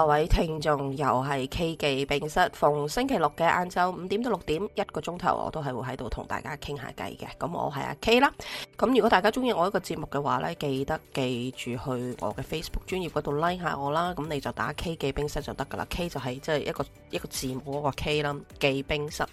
各位聽眾又係 K 記冰室，逢星期六嘅晏晝五點到六點一個鐘頭，我都係會喺度同大家傾下偈嘅。咁我係阿 K 啦。咁如果大家鍾意我一個節目嘅話呢，記得記住去我嘅 Facebook 專頁嗰度 like 下我啦。咁你就打 K 記冰室就得㗎喇。K 就係即係一個一個字母嗰個 K 啦，記冰室。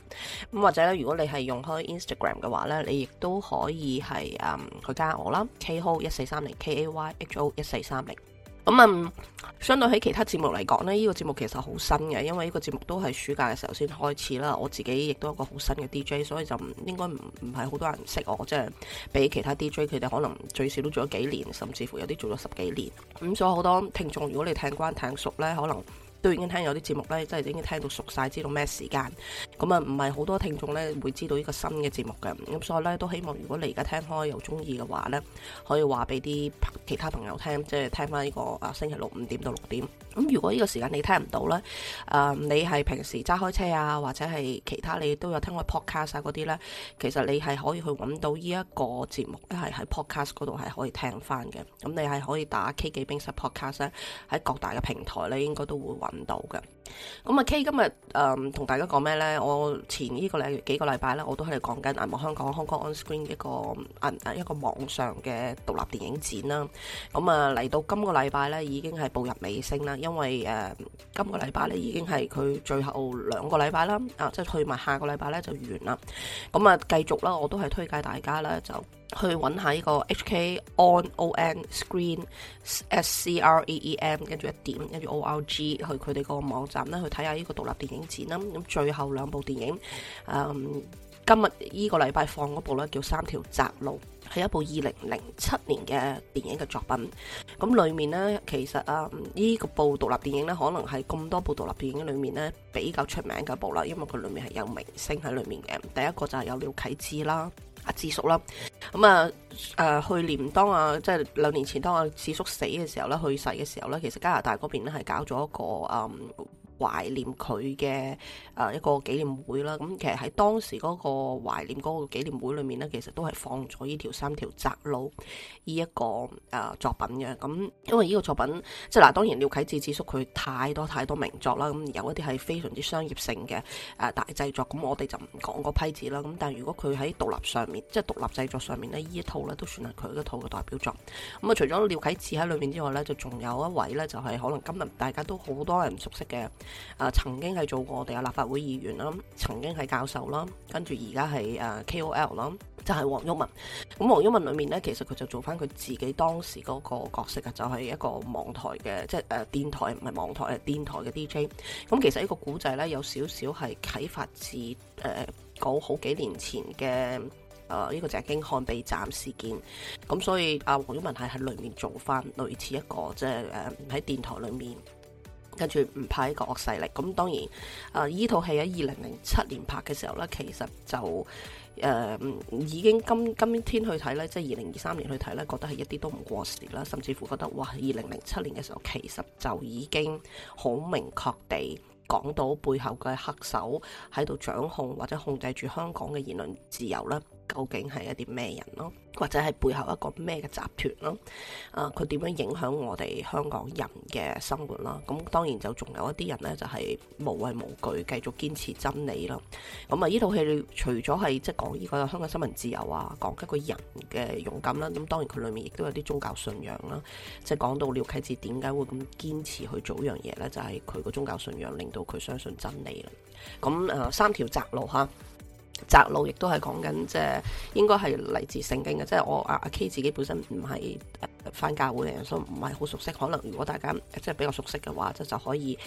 咁或者咧，如果你係用開 Instagram 嘅話呢，你亦都可以係啊、嗯、去加我啦。KHO 一四三零 KAYHO 一四三零。O 咁啊、嗯，相對喺其他節目嚟講咧，呢、這個節目其實好新嘅，因為呢個節目都係暑假嘅時候先開始啦。我自己亦都有一個好新嘅 DJ，所以就唔應該唔唔係好多人識我，即係比其他 DJ 佢哋可能最少都做咗幾年，甚至乎有啲做咗十幾年。咁、嗯、所以好多聽眾如果你聽慣聽熟咧，可能都已經聽有啲節目咧，即係已經聽到熟晒，知道咩時間，咁、嗯、啊，唔係好多聽眾咧會知道呢個新嘅節目嘅。咁、嗯、所以咧都希望，如果你而家聽開又中意嘅話咧，可以話俾啲，其他朋友聽，即係聽翻呢個啊星期六五點到六點。咁如果呢個時間你聽唔到呢，誒、嗯、你係平時揸開車啊，或者係其他你都有聽開 podcast 啊嗰啲呢，其實你係可以去揾到呢一個節目咧，係喺 podcast 嗰度係可以聽翻嘅。咁你係可以打 K 記冰室 podcast 咧、啊，喺各大嘅平台呢應該都會揾到嘅。咁啊 K 今日誒同大家講咩呢？我前呢個禮幾，幾個禮拜呢我都喺度講緊銀幕香港 Hong Kong On Screen 一個銀、啊啊、一個網上嘅獨立電影展啦、啊。咁啊，嚟到今個禮拜咧，已經係步入尾聲啦。因為誒、呃，今個禮拜咧已經係佢最後兩個禮拜啦。啊，即係去埋下個禮拜咧就完啦。咁、嗯、啊，繼續啦，我都係推介大家咧，就去搵下呢個 H K On O N Screen S C R E E M，跟住一點，跟住 O R G 去佢哋個網站咧，去睇下呢個獨立電影展啦。咁、嗯、最後兩部電影，嗯，今日、這個、呢個禮拜放嗰部咧叫《三條窄路》。係一部二零零七年嘅電影嘅作品，咁裏面呢，其實啊，呢、嗯呢個部獨立電影呢，可能係咁多部獨立電影裏面呢，比較出名嘅一部啦，因為佢裏面係有明星喺裡面嘅。第一個就係有廖啟、啊、智啦，阿智叔啦，咁啊誒，去年當啊，即、就、係、是、兩年前當阿、啊、智叔死嘅時候咧，去世嘅時候咧，其實加拿大嗰邊咧係搞咗一個啊。嗯懷念佢嘅誒一個紀念會啦，咁其實喺當時嗰個懷念嗰個紀念會裏面呢，其實都係放咗呢條《三條窄路》呢一個誒作品嘅。咁因為呢個作品，個作品即係嗱，當然廖啟智智叔佢太多太多名作啦，咁有一啲係非常之商業性嘅誒大製作，咁我哋就唔講嗰批字啦。咁但係如果佢喺獨立上面，即係獨立製作上面呢，呢一套呢都算係佢一套嘅代表作。咁啊，除咗廖啟智喺裏面之外呢，就仲有一位呢、就是，就係可能今日大家都好多人唔熟悉嘅。啊，曾經係做過我哋嘅立法會議員啦，曾經係教授啦，跟住而家係誒 KOL 啦，就係黃毓民。咁黃毓民裏面咧，其實佢就做翻佢自己當時嗰個角色嘅，就係、是、一個網台嘅，即係誒電台唔係網台，係電台嘅 DJ。咁其實個呢個古仔咧，有少少係啟發自誒、呃、好幾年前嘅誒呢個鄭經翰被斬事件。咁所以阿黃毓民係喺裏面做翻類似一個即係誒喺電台裏面。跟住唔怕呢個惡勢力，咁當然，誒依套戲喺二零零七年拍嘅時候呢，其實就誒、呃、已經今天今天去睇呢，即係二零二三年去睇呢，覺得係一啲都唔過時啦，甚至乎覺得哇，二零零七年嘅時候其實就已經好明確地講到背後嘅黑手喺度掌控或者控制住香港嘅言論自由啦。究竟係一啲咩人咯，或者係背後一個咩嘅集團咯？啊，佢點樣影響我哋香港人嘅生活啦？咁、啊、當然就仲有一啲人呢，就係、是、無畏無懼，繼續堅持真理啦。咁啊，呢套戲你除咗係即係講呢個香港新聞自由啊，講一個人嘅勇敢啦，咁、啊、當然佢裏面亦都有啲宗教信仰啦、啊，即係講到廖啟智點解會咁堅持去做一樣嘢呢？就係佢個宗教信仰令到佢相信真理啦。咁啊，啊，三條窄路嚇。啊窄路亦都係講緊，即係應該係嚟自聖經嘅，即係我阿阿 K 自己本身唔係返教會嘅人，所以唔係好熟悉。可能如果大家即係比較熟悉嘅話，就就可以。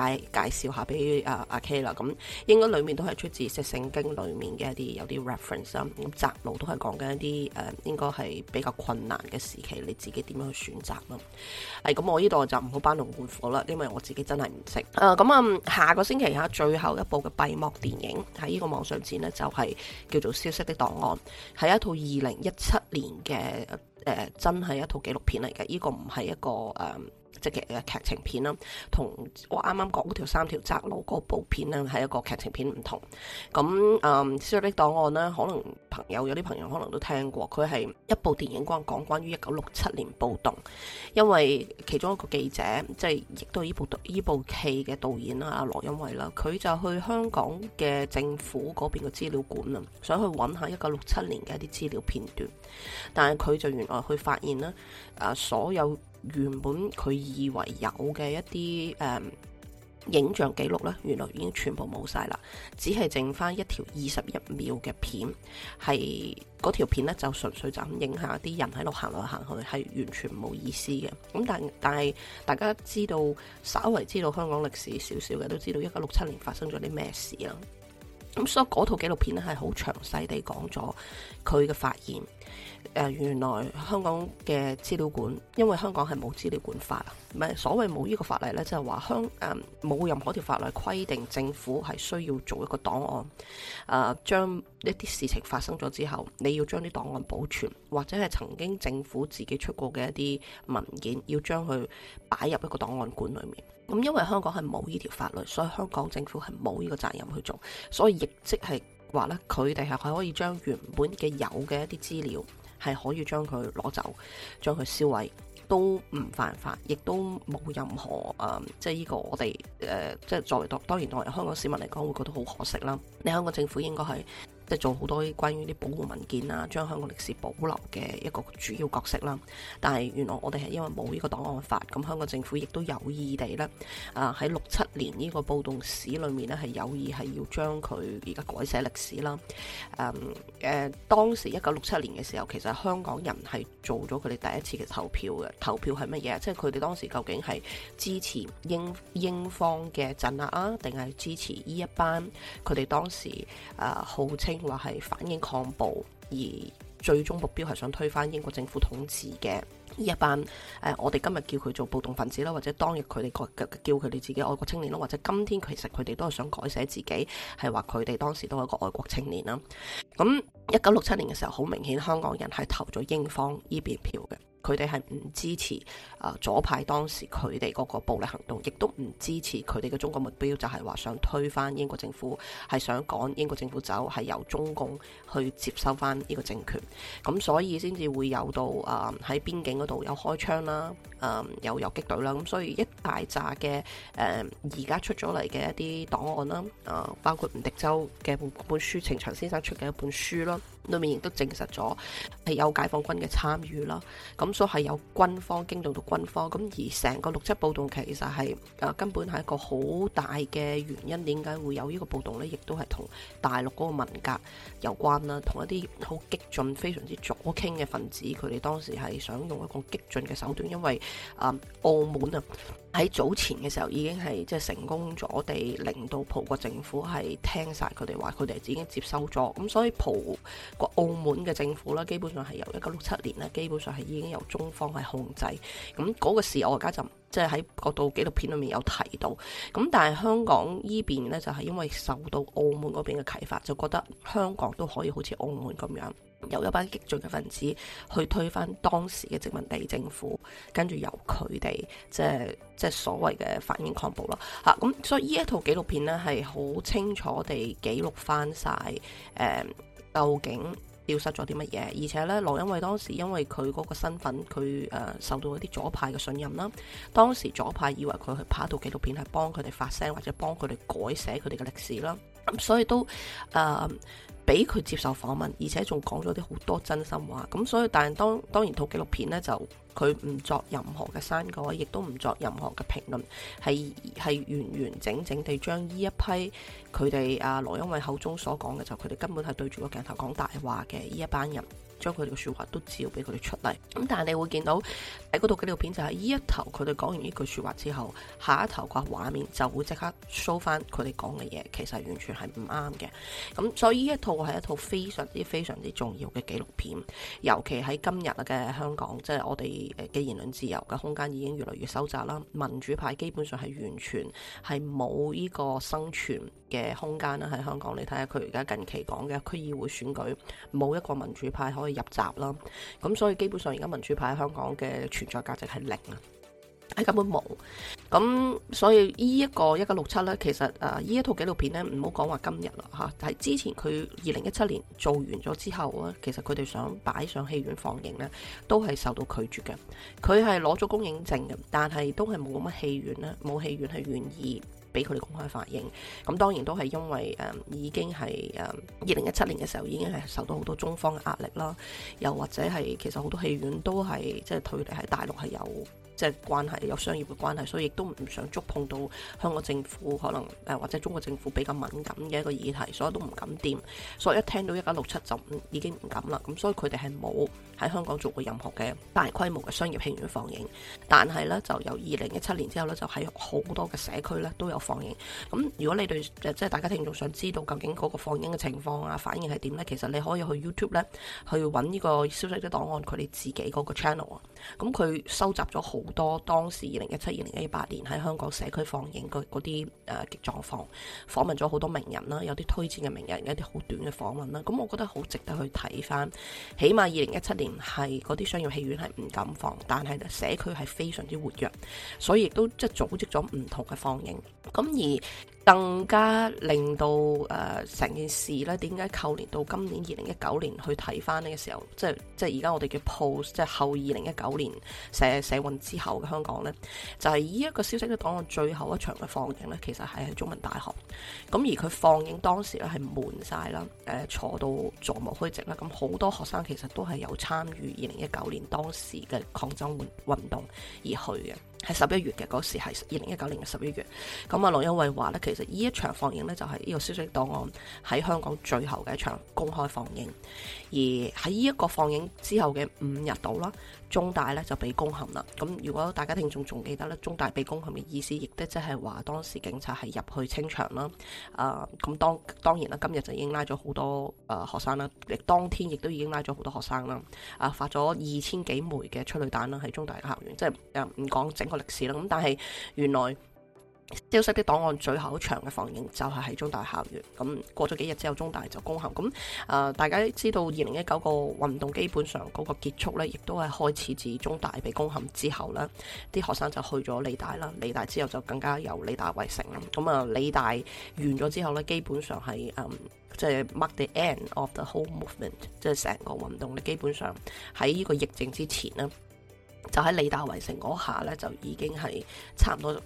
介介紹下俾阿阿 K 啦，咁應該裏面都係出自《聖經》裏面嘅一啲有啲 reference 啊，咁窄路都係講緊一啲誒、呃，應該係比較困難嘅時期，你自己點樣去選擇咯？係、哎、咁，我呢度就唔好班龍換虎啦，因為我自己真係唔識。誒、呃，咁、嗯、啊，下個星期吓最後一部嘅閉幕電影喺呢個網上展呢，就係、是、叫做《消失的檔案》，係一套二零一七年嘅誒、呃，真係一套紀錄片嚟嘅。呢、這個唔係一個誒。呃即嘅劇情片啦，同我啱啱講嗰條三條窄路嗰部片啦，係一個劇情片唔同。咁、嗯《啊，消失的檔案》呢，可能朋友有啲朋友可能都聽過，佢係一部電影，關講關於一九六七年暴動。因為其中一個記者，即係亦都係呢部呢部戲嘅導演啦、啊，阿羅恩惠啦，佢就去香港嘅政府嗰邊嘅資料館啊，想去揾下一九六七年嘅一啲資料片段，但係佢就原來去發現啦。啊！所有原本佢以為有嘅一啲誒、嗯、影像記錄呢，原來已經全部冇晒啦，只係剩翻一條二十一秒嘅片，係嗰條片呢，就純粹就咁影下啲人喺度行來行去，係完全冇意思嘅。咁但但係大家知道，稍為知道香港歷史少少嘅都知道，一九六七年發生咗啲咩事啦。咁所以嗰套紀錄片咧，係好詳細地講咗佢嘅發現誒、呃，原來香港嘅資料館，因為香港係冇資料館法，唔係所謂冇呢個法例咧，即係話香誒冇任何條法例規定政府係需要做一個檔案，誒、呃、將一啲事情發生咗之後，你要將啲檔案保存，或者係曾經政府自己出過嘅一啲文件，要將佢擺入一個檔案館裏面。咁因為香港係冇呢條法律，所以香港政府係冇呢個責任去做，所以亦即係話，咧，佢哋係可以將原本嘅有嘅一啲資料係可以將佢攞走，將佢銷毀，都唔犯法，亦都冇任何誒、呃、即係呢個我哋誒、呃、即係作為當當然作為香港市民嚟講會覺得好可惜啦。你香港政府應該係。即係做好多關於啲保護文件啊，將香港歷史保留嘅一個主要角色啦。但係原來我哋係因為冇呢個檔案法，咁香港政府亦都有意地咧，啊喺六七年呢個暴動史裏面咧係有意係要將佢而家改寫歷史啦。誒、呃、誒、呃，當時一九六七年嘅時候，其實香港人係做咗佢哋第一次嘅投票嘅，投票係乜嘢？即係佢哋當時究竟係支持英英方嘅鎮壓啊，定係支持呢一班佢哋當時啊、呃、號稱。話係反英抗暴，而最終目標係想推翻英國政府統治嘅呢一班誒、呃，我哋今日叫佢做暴動分子啦，或者當日佢哋個叫佢哋自己愛國青年啦，或者今天其實佢哋都係想改寫自己，係話佢哋當時都係一個愛國青年啦。咁一九六七年嘅時候，好明顯香港人係投咗英方呢邊票嘅。佢哋係唔支持啊、呃、左派當時佢哋嗰個暴力行動，亦都唔支持佢哋嘅中國目標，就係、是、話想推翻英國政府，係想趕英國政府走，係由中共去接收翻呢個政權。咁所以先至會有到啊喺、呃、邊境嗰度有開槍啦，啊、呃、有遊擊隊啦。咁所以一大扎嘅誒而家出咗嚟嘅一啲檔案啦，啊、呃、包括吳荻舟嘅本書，程翔先生出嘅一本書啦。裏面亦都證實咗係有解放軍嘅參與啦，咁所係有軍方，驚動到軍方，咁而成個六七暴動其實係啊、呃、根本係一個好大嘅原因，點解會有呢個暴動呢？亦都係同大陸嗰個文革有關啦，同一啲好激進、非常之左傾嘅分子，佢哋當時係想用一個激進嘅手段，因為啊、呃、澳門啊。喺早前嘅時候已經係即係成功咗，地令到葡國政府係聽晒佢哋話，佢哋已經接收咗咁，所以葡國澳門嘅政府咧，基本上係由一九六七年咧，基本上係已經由中方係控制咁嗰個事，我而家就即係喺嗰度紀錄片裏面有提到咁，但係香港依邊呢，就係、是、因為受到澳門嗰邊嘅啟發，就覺得香港都可以好似澳門咁樣。由一班激進嘅分子去推翻當時嘅殖民地政府，跟住由佢哋即係即係所謂嘅反英抗暴啦嚇。咁、嗯、所以呢一套紀錄片呢，係好清楚地記錄翻晒誒究竟丟失咗啲乜嘢，而且呢，羅恩惠，因為當時因為佢嗰個身份，佢誒、呃、受到一啲左派嘅信任啦。當時左派以為佢去拍一套紀錄片係幫佢哋發聲，或者幫佢哋改寫佢哋嘅歷史啦。咁所以都，誒俾佢接受訪問，而且仲講咗啲好多真心話。咁、嗯、所以，但係當當然套紀錄片呢，就佢唔作任何嘅刪改，亦都唔作任何嘅評論，係係完完整整地將呢一批佢哋阿羅恩惠口中所講嘅，就佢哋根本係對住個鏡頭講大話嘅呢一班人。將佢哋嘅説話都照俾佢哋出嚟，咁但係你會見到喺嗰套紀錄片就係呢一頭佢哋講完呢句説話之後，下一頭個畫面就會即刻 show 翻佢哋講嘅嘢，其實完全係唔啱嘅。咁所以呢一套係一套非常之非常之重要嘅紀錄片，尤其喺今日嘅香港，即係我哋嘅言論自由嘅空間已經越嚟越收窄啦。民主派基本上係完全係冇呢個生存嘅空間啦，喺香港你睇下佢而家近期講嘅區議會選舉冇一個民主派可以入閘啦，咁所以基本上而家民主派喺香港嘅存在價值係零啊，係根本冇，咁所以呢一個一九六七呢，其實誒呢一套紀錄片呢，唔好講話今日啦吓，係之前佢二零一七年做完咗之後咧，其實佢哋想擺上戲院放映呢，都係受到拒絕嘅。佢係攞咗公映證嘅，但係都係冇乜戲院咧，冇戲院係願意。俾佢哋公開發影，咁當然都係因為誒、嗯、已經係誒二零一七年嘅時候已經係受到好多中方嘅壓力啦，又或者係其實好多戲院都係即係佢離喺大陸係有。即係關係有商業嘅關係，所以亦都唔想觸碰到香港政府可能誒或者中國政府比較敏感嘅一個議題，所以都唔敢掂。所以一聽到一九六七就已經唔敢啦。咁所以佢哋係冇喺香港做過任何嘅大規模嘅商業戲院放映。但係呢，就由二零一七年之後呢，就喺好多嘅社區呢都有放映。咁如果你對即係大家聽眾想知道究竟嗰個放映嘅情況啊，反應係點呢？其實你可以去 YouTube 咧去揾呢個消失的檔案佢哋自己嗰個 channel 啊。咁佢收集咗好。好多當時二零一七、二零一八年喺香港社區放映嗰嗰啲誒極狀況，訪問咗好多名人啦，有啲推薦嘅名人，有啲好短嘅訪問啦，咁我覺得好值得去睇返。起碼二零一七年係嗰啲商業戲院係唔敢放，但係社區係非常之活躍，所以亦都即係組織咗唔同嘅放映。咁而更加令到誒成、呃、件事咧，點解舊年到今年二零一九年去睇翻呢個時候，即係即係而家我哋嘅 post，即係後二零一九年社社運之後嘅香港呢，就係呢一個消息都講到最後一場嘅放映呢，其實係喺中文大學。咁而佢放映當時咧，係滿晒啦，誒坐到座無虛席啦。咁好多學生其實都係有參與二零一九年當時嘅抗爭運運動而去嘅。係十一月嘅嗰時，係二零一九年嘅十一月。咁啊，羅恩惠話咧，其實呢一場放映咧，就係呢個消失檔案喺香港最後嘅一場公開放映。而喺呢一個放映之後嘅五日度啦，中大咧就被攻陷啦。咁如果大家聽眾仲記得咧，中大被攻陷嘅意思，亦都即係話當時警察係入去清場啦。啊、呃，咁當當然啦，今日就已經拉咗好多誒、呃、學生啦，亦當天亦都已經拉咗好多學生啦。啊、呃，發咗二千幾枚嘅催淚彈啦，喺中大嘅校園，即係誒唔講個歷史啦，咁但係原來消失的檔案最後一場嘅放映就係喺中大校園。咁過咗幾日之後，中大就攻陷。咁、嗯、啊、呃，大家知道二零一九個運動基本上嗰個結束咧，亦都係開始自中大被攻陷之後咧，啲學生就去咗理大啦。理大之後就更加由理大圍城。咁、嗯、啊，理大完咗之後咧，基本上係嗯，即、就、係、是、mark the end of the whole movement，即係成個運動咧，基本上喺呢個疫症之前啦。就喺理大圍城嗰下咧，就已經係差唔多完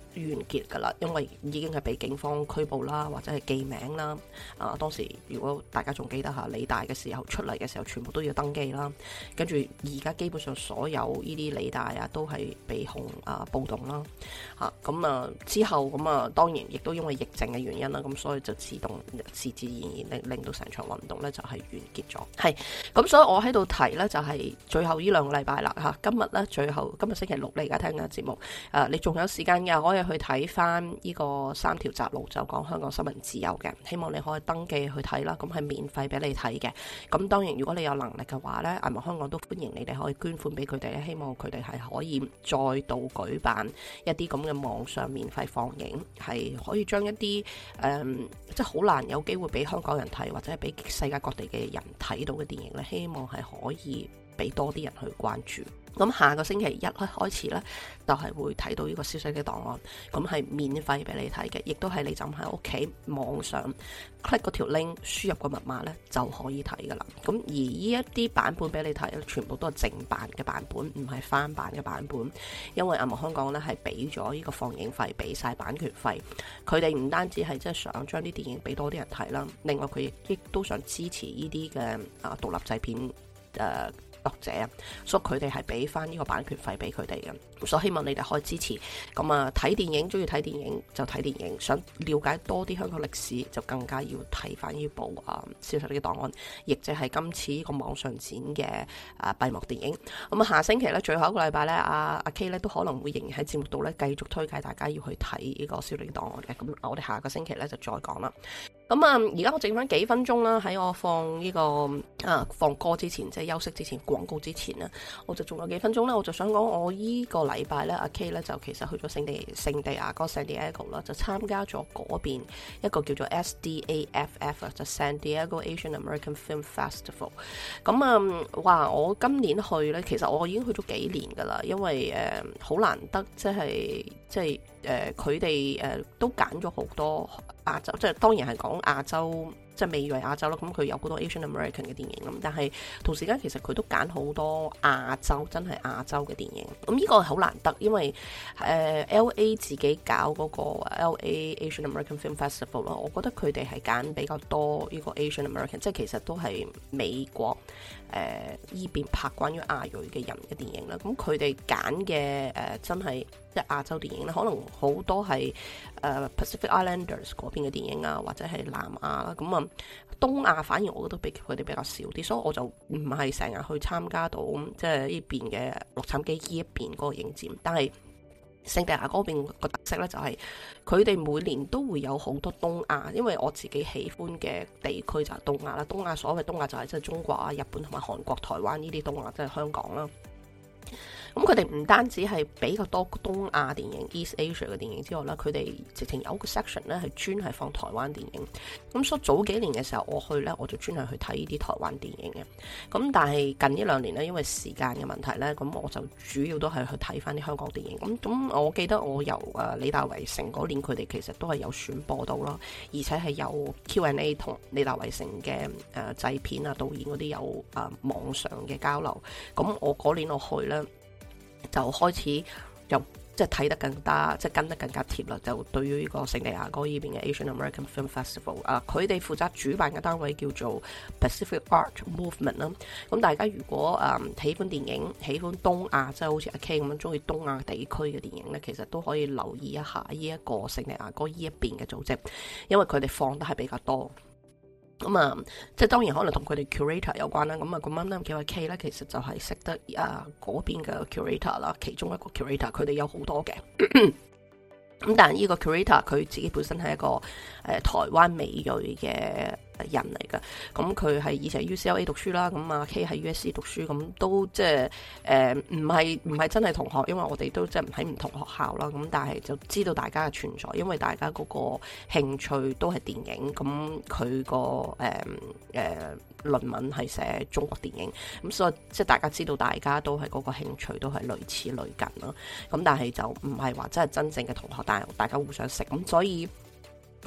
結噶啦，因為已經係被警方拘捕啦，或者係記名啦。啊，當時如果大家仲記得嚇，理大嘅時候出嚟嘅時候，全部都要登記啦。跟住而家基本上所有呢啲理大啊，都係被控啊暴動啦。吓、啊，咁啊之後咁啊，當然亦都因為疫症嘅原因啦，咁、啊、所以就自動自自然然令令到成場運動咧就係、是、完結咗。係咁，所以我喺度提咧，就係、是、最後呢兩個禮拜啦。吓、啊，今日咧最。今日星期六，你而家聽緊節目，誒、呃，你仲有時間嘅，可以去睇翻呢個三條窄路，就講香港新聞自由嘅。希望你可以登記去睇啦，咁係免費俾你睇嘅。咁當然，如果你有能力嘅話呢，係咪香港都歡迎你哋可以捐款俾佢哋咧。希望佢哋係可以再度舉辦一啲咁嘅網上免費放映，係可以將一啲誒、呃，即係好難有機會俾香港人睇，或者係俾世界各地嘅人睇到嘅電影咧。希望係可以俾多啲人去關注。咁下個星期一開開始咧，就係、是、會睇到呢個消息嘅檔案，咁係免費俾你睇嘅，亦都係你就喺屋企網上 click 嗰條 link，輸入個密碼咧就可以睇噶啦。咁而呢一啲版本俾你睇，全部都係正版嘅版本，唔係翻版嘅版本，因為阿馬香港咧係俾咗呢個放映費，俾晒版權費，佢哋唔單止係即係想將啲電影俾多啲人睇啦，另外佢亦都想支持呢啲嘅啊獨立製片誒。呃作者啊，所以佢哋係俾翻呢個版權費俾佢哋嘅，所以希望你哋可以支持。咁啊，睇電影，中意睇電影就睇電影，想了解多啲香港歷史就更加要睇翻呢部啊《消失的檔案》，亦即係今次呢個網上展嘅啊閉幕電影。咁啊，下星期咧最後一個禮拜咧，阿、啊、阿、啊、K 咧都可能會仍然喺節目度咧繼續推介大家要去睇呢個《消失的檔案的》嘅。咁我哋下個星期咧就再講啦。咁啊，而家我剩翻幾分鐘啦，喺我放呢、這個啊放歌之前，即係休息之前。廣告之前呢，我就仲有幾分鐘呢，我就想講我依個禮拜呢，阿 K 呢，就其實去咗聖地聖地牙哥 San Diego 啦，就參加咗嗰邊一個叫做 SDAFF 就 San Diego Asian American Film Festival。咁啊、嗯，哇！我今年去呢，其實我已經去咗幾年噶啦，因為誒好、嗯、難得，即係即係。誒佢哋誒都揀咗好多亞洲，即係當然係講亞洲，即係美裔亞洲咯。咁佢有好多 Asian American 嘅電影咁，但係同時間其實佢都揀好多亞洲，真係亞洲嘅電影。咁呢個係好難得，因為誒、呃、LA 自己搞嗰個 LA Asian American Film Festival 咯。我覺得佢哋係揀比較多呢個 Asian American，即係其實都係美國誒呢邊拍關於亞裔嘅人嘅電影啦。咁佢哋揀嘅誒真係。即係亞洲電影咧，可能好多係誒、呃、Pacific Islanders 嗰邊嘅電影啊，或者係南亞啦，咁、嗯、啊東亞反而我覺得比佢哋比較少啲，所以我就唔係成日去參加到即係呢邊嘅洛杉磯呢一邊嗰個影展。但係聖地牙哥嗰邊個特色咧，就係佢哋每年都會有好多東亞，因為我自己喜歡嘅地區就係東亞啦。東亞所謂東亞就係、是、即係中國啊、日本同埋韓國、台灣呢啲東亞，即係香港啦。咁佢哋唔單止係比較多東亞電影 East Asia 嘅電影之外咧，佢哋直情有個 section 咧係專係放台灣電影。咁所以早幾年嘅時候我去咧，我就專係去睇呢啲台灣電影嘅。咁但係近呢兩年咧，因為時間嘅問題咧，咁我就主要都係去睇返啲香港電影。咁咁我記得我由啊李大維成理大圍城嗰年，佢哋其實都係有選播到咯，而且係有 Q&A 同理大圍城嘅誒製片啊、導演嗰啲有啊網上嘅交流。咁我嗰年我去咧。就開始有即係睇得更加即係跟得更加貼啦。就對於呢個聖地亞哥依邊嘅 Asian American Film Festival 啊，佢哋負責主辦嘅單位叫做 Pacific Art Movement 啦、啊。咁大家如果誒、嗯、喜歡電影，喜歡東亞，即係好似阿 K 咁樣中意東亞地區嘅電影呢，其實都可以留意一下呢一個聖地亞哥依一邊嘅組織，因為佢哋放得係比較多。咁啊，即係、嗯、當然可能同佢哋 curator 有關啦。咁、嗯、啊，咁啱啱叫阿 K 咧，其實就係識得啊嗰邊嘅 curator 啦，其中一個 curator，佢哋有好多嘅。咁 但係呢個 curator，佢自己本身係一個誒、呃、台灣美裔嘅。人嚟噶，咁佢係以前 UCLA 讀書啦，咁阿 K 喺 USC 讀書，咁都即係誒，唔係唔係真係同學，因為我哋都即係唔喺唔同學校啦，咁但係就知道大家嘅存在，因為大家嗰個興趣都係電影，咁佢個誒誒論文係寫中國電影，咁所以即係大家知道大家都係嗰個興趣都係類似類近咯，咁但係就唔係話真係真正嘅同學，但係大家互相識，咁所以。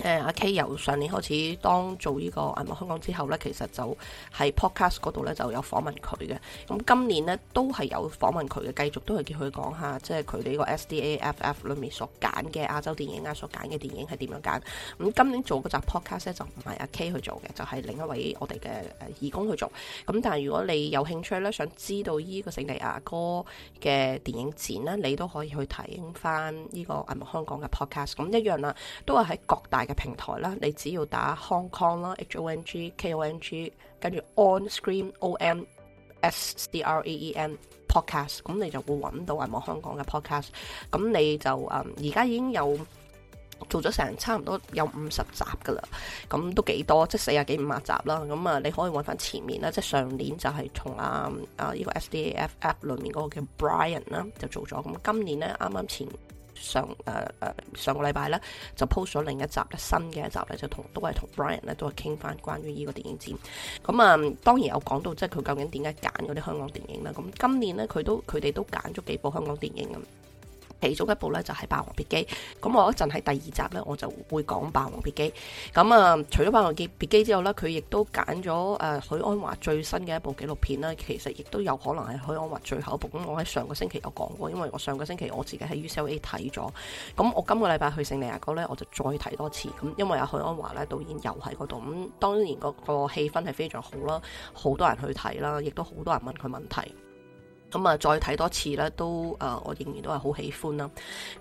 誒阿、啊、K 由上年開始當做呢、這個銀幕香港之後咧，其實就喺 podcast 度咧就有訪問佢嘅。咁今年咧都係有訪問佢嘅，繼續都係叫佢講下，即係佢哋個 SDAFF 裏面所揀嘅亞洲電影啊，所揀嘅電影係點樣揀。咁今年做嗰集 podcast 咧就唔係阿 K 去做嘅，就係、是、另一位我哋嘅義工去做。咁但係如果你有興趣咧，想知道呢個聖地亞哥嘅電影展咧，你都可以去睇翻呢個銀幕香港嘅 podcast。咁 Pod 一樣啦，都係喺各大。嘅平台啦，你只要打 Hong Kong 啦，H O N G K O N G，跟住 On Screen O N S D R A E N Podcast，咁你就會揾到啊，冇香港嘅 Podcast。咁你就誒，而、嗯、家已經有做咗成差唔多有多十五十集噶啦，咁都幾多，即係四啊幾五啊集啦。咁啊，你可以揾翻前面啦，即係上年就係從啊啊呢、這個 S D A F App 裏面嗰個叫 Brian 啦，就做咗。咁今年咧，啱啱前。.上誒誒、呃、上個禮拜咧，就 post 咗另一集咧，新嘅一集咧，就同都係同 Brian 咧都係傾翻關於呢個電影展。咁、嗯、啊，當然有講到即係佢究竟點解揀嗰啲香港電影啦。咁、嗯、今年咧，佢都佢哋都揀咗幾部香港電影咁。其中一部咧就係《霸王別姬》，咁我一陣喺第二集咧，我就會講《霸王別姬》。咁啊，除咗《霸王別姬》之後咧，佢亦都揀咗誒許鞍華最新嘅一部紀錄片啦。其實亦都有可能係許鞍華最後一部。咁我喺上個星期有講過，因為我上個星期我自己喺 UCLA 睇咗。咁我今個禮拜去聖尼亞哥咧，我就再睇多次。咁因為阿許鞍華咧，導演又喺嗰度。咁當然嗰個氣氛係非常好啦，好多人去睇啦，亦都好多人問佢問題。咁啊，再睇多次咧，都誒、呃，我仍然都係好喜歡啦。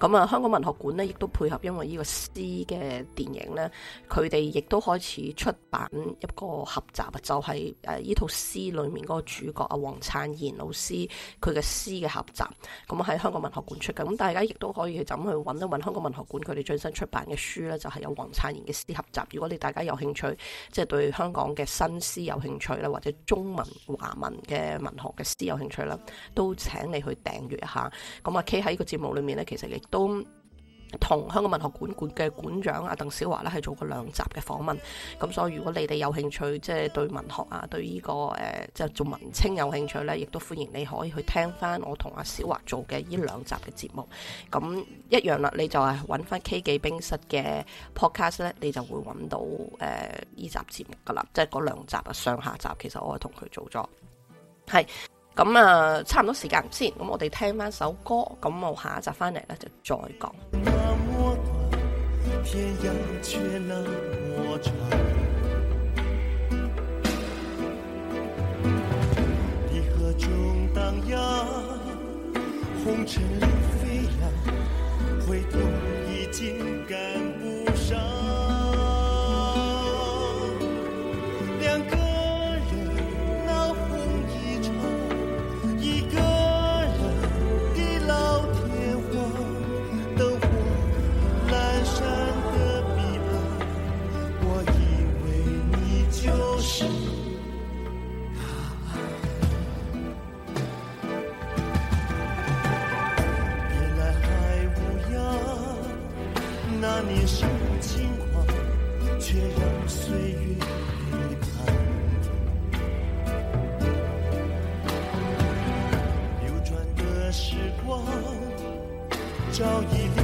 咁、嗯、啊，香港文學館咧，亦都配合，因為呢個詩嘅電影咧，佢哋亦都開始出版一個合集，啊，就係誒呢套詩裏面嗰個主角啊黃燦然老師佢嘅詩嘅合集。咁、嗯、喺香港文學館出嘅，咁大家亦都可以就咁去揾一揾香港文學館佢哋最新出版嘅書咧，就係、是、有黃燦然嘅詩合集。如果你大家有興趣，即、就、係、是、對香港嘅新詩有興趣咧，或者中文華文嘅文學嘅詩有興趣啦。都請你去訂閱一下，咁啊 K 喺呢個節目裏面呢，其實亦都同香港文學館館嘅館長阿鄧小華呢，係做過兩集嘅訪問，咁所以如果你哋有興趣，即係對文學啊，對呢、這個誒、呃、即係做文青有興趣呢，亦都歡迎你可以去聽翻我同阿小華做嘅呢兩集嘅節目，咁一樣啦，你就係揾翻 K 記冰室嘅 podcast 呢，你就會揾到誒呢、呃、集節目噶啦，即係嗰兩集啊，上下集其實我係同佢做咗，係。咁啊，差唔多時間先，咁我哋聽翻首歌，咁我下一集翻嚟呢就再講。 那年少輕狂，卻讓歲月背叛。流轉的時光，早已。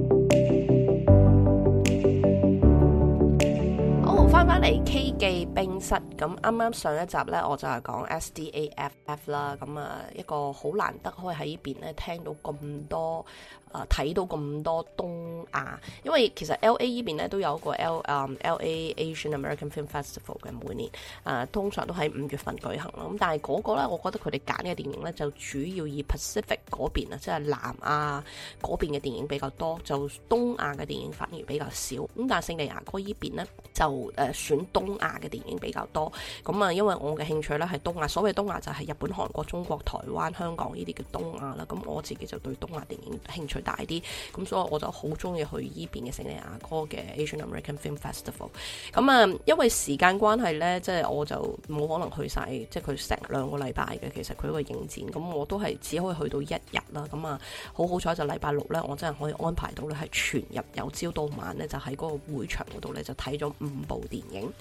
咁啱啱上一集咧，我就係講 SDAFF 啦，咁啊一個好難得可以喺呢邊咧聽到咁多。誒睇到咁多東亞，因為其實 L.A. 呢邊咧都有一個 L、um, L.A. Asian American Film Festival 嘅，每年誒、呃、通常都喺五月份舉行咯。咁但係嗰個咧，我覺得佢哋揀嘅電影咧就主要以 Pacific 嗰邊啊，即係南亞嗰邊嘅電影比較多，就東亞嘅電影反而比較少。咁但係聖地牙哥依邊咧就誒選東亞嘅電影比較多。咁、嗯、啊，因為我嘅興趣咧係東亞，所謂東亞就係日本、韓國、中國、台灣、香港呢啲嘅東亞啦。咁我自己就對東亞電影興趣。大啲咁，所以我就好中意去依邊嘅聖地亞哥嘅 Asian American Film Festival。咁 啊，因為時間關係咧，即係我就冇可能去晒，即係佢成兩個禮拜嘅，其實佢個影展，咁我都係只可以去到一日啦。咁啊，好好彩就禮拜六咧，我真係可以安排到咧，係全日由朝到晚咧，就喺嗰個會場嗰度咧，就睇咗五部電影。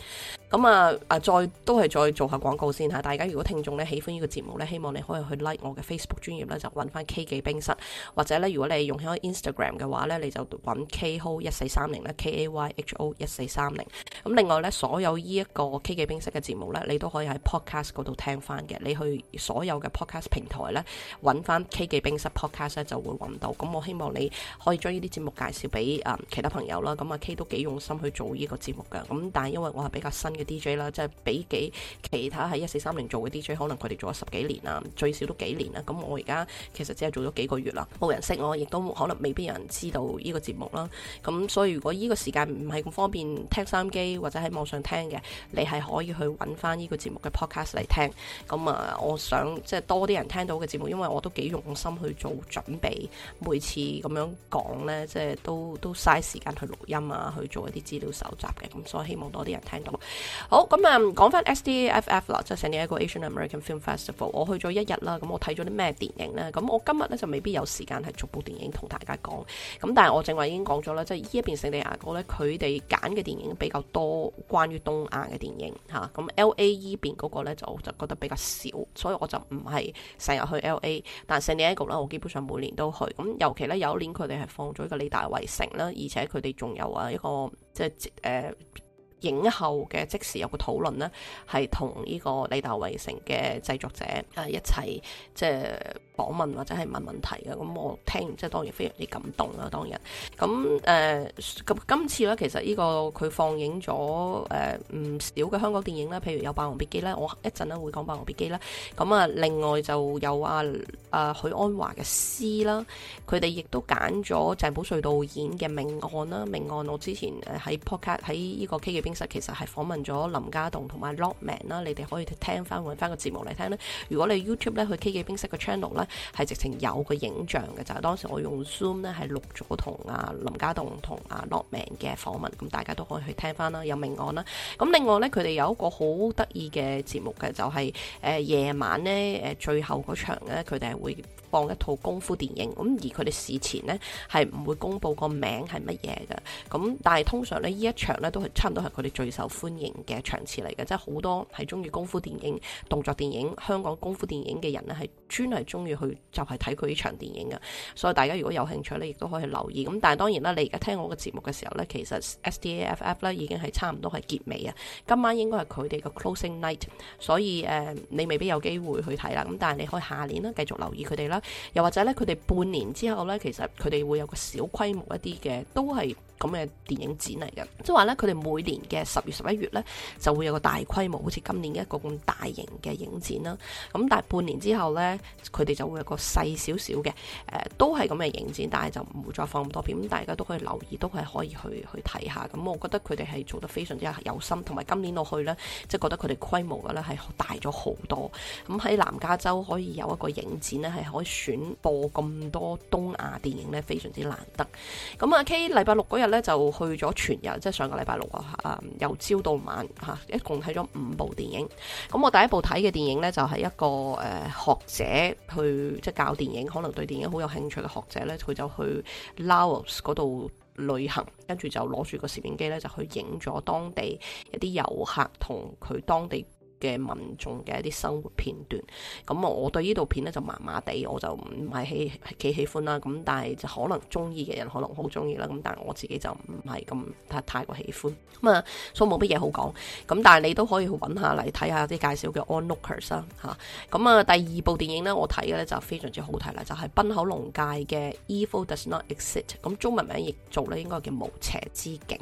咁啊啊，再都係再做下廣告先吓，大家如果聽眾咧喜歡呢個節目咧，希望你可以去 like 我嘅 Facebook 專頁咧，就揾翻 K 記冰室，或者咧如果你。用喺 Instagram 嘅話咧，你就揾 KHO 一四三零啦，K, 30, K A Y H O 一四三零。咁另外咧，所有依一個 K 記冰室嘅節目咧，你都可以喺 Podcast 度聽翻嘅。你去所有嘅 Podcast 平台咧，揾翻 K 記冰室 Podcast 咧就會揾到。咁我希望你可以將呢啲節目介紹俾誒其他朋友啦。咁啊 K 都幾用心去做依個節目嘅。咁但係因為我係比較新嘅 DJ 啦，即係比幾其他喺一四三零做嘅 DJ，可能佢哋做咗十幾年啊，最少都幾年啦。咁我而家其實只係做咗幾個月啦，冇人識我，亦都。可能未必有人知道呢個節目啦，咁所以如果呢個時間唔係咁方便聽收音機或者喺網上聽嘅，你係可以去揾翻呢個節目嘅 podcast 嚟聽。咁啊，我想即係多啲人聽到嘅節目，因為我都幾用心去做準備，每次咁樣講咧，即係都都嘥時間去錄音啊，去做一啲資料搜集嘅。咁所以希望多啲人聽到。好，咁啊，講翻 SDAFF 啦，即係成年一個 Asian American Film Festival，我去咗一日啦，咁我睇咗啲咩電影咧？咁我今日咧就未必有時間係逐部電影。同大家講，咁但係我正話已經講咗啦，即係呢一邊聖地亞哥咧，佢哋揀嘅電影比較多，關於東亞嘅電影吓。咁 L A 呢邊嗰個咧就我就覺得比較少，所以我就唔係成日去 L A，但聖地亞哥咧，我基本上每年都去。咁、啊、尤其咧有一年佢哋係放咗一個理大圍城啦，而且佢哋仲有啊一個即係誒、呃、影後嘅即時有個討論咧，係同呢個理大圍城嘅製作者誒一齊即係。訪問或者係問問題嘅，咁我聽完即係當然非常之感動啦。當然，咁誒、呃、今次呢，其實呢、呢個佢放映咗誒唔少嘅香港電影啦，譬如有《霸王別姬》啦。我一陣咧會講《霸王別姬》啦。咁啊，另外就有阿、啊、阿、啊、許鞍華嘅詩啦，佢哋亦都揀咗鄭保瑞導演嘅命案啦，命案我之前喺 Podcast 喺呢個《K 記冰室》其實係訪問咗林家棟同埋 Lokman、ok、啦，你哋可以聽翻揾翻個節目嚟聽啦。如果你 YouTube 咧去《K 記冰室》嘅 channel 啦。係直情有個影像嘅，就係當時我用 Zoom 咧，係錄咗同阿林家棟同阿 Lockman 嘅訪問，咁大家都可以去聽翻啦，有命案啦。咁另外咧，佢哋有一個好得意嘅節目嘅，就係誒夜晚咧誒最後嗰場咧，佢哋係會放一套功夫電影，咁而佢哋事前咧係唔會公佈個名係乜嘢嘅。咁但係通常咧呢一場咧都係差唔多係佢哋最受歡迎嘅場次嚟嘅，即係好多係中意功夫電影、動作電影、香港功夫電影嘅人咧，係專係中意。去就係睇佢呢場電影噶，所以大家如果有興趣咧，亦都可以留意。咁但係當然啦，你而家聽我個節目嘅時候咧，其實 SDAFF 咧已經係差唔多係結尾啊。今晚應該係佢哋個 closing night，所以誒、呃、你未必有機會去睇啦。咁但係你可以下年啦，繼續留意佢哋啦，又或者咧佢哋半年之後咧，其實佢哋會有個小規模一啲嘅，都係咁嘅電影展嚟嘅。即係話咧，佢哋每年嘅十月十一月咧就會有個大規模，好似今年一個咁大型嘅影展啦。咁但係半年之後咧，佢哋。會有一個細少少嘅，誒、呃、都係咁嘅影展，但係就唔會再放咁多片，咁大家都可以留意，都係可以去去睇下。咁我覺得佢哋係做得非常之有心，同埋今年落去呢，即、就、係、是、覺得佢哋規模嘅呢係大咗好多。咁喺南加州可以有一個影展呢，係可以選播咁多東亞電影呢，非常之難得。咁阿 K 禮拜六嗰日呢，就去咗全日，即係上個禮拜六啊、嗯，由朝到晚吓，一共睇咗五部電影。咁我第一部睇嘅電影呢，就係、是、一個誒、呃、學者去，即係教電影，可能對電影好有興趣嘅學者呢，佢就去 Laos 嗰度旅行，跟住就攞住個攝影機呢，就去影咗當地一啲遊客同佢當地嘅民眾嘅一啲生活片段，咁啊，我對呢套片咧就麻麻地，我就唔係喜幾喜歡啦。咁但係就可能中意嘅人可能好中意啦。咁但係我自己就唔係咁太過喜歡，咁啊，所以冇乜嘢好講。咁但係你都可以去揾下嚟睇下啲介紹嘅《Onlookers》啦。嚇。咁啊，第二部電影呢我睇嘅咧就非常之好睇啦，就係、是《濱、e、口龍介》嘅《Evil Does Not Exist》，咁中文名譯做咧應該叫《無邪之境》。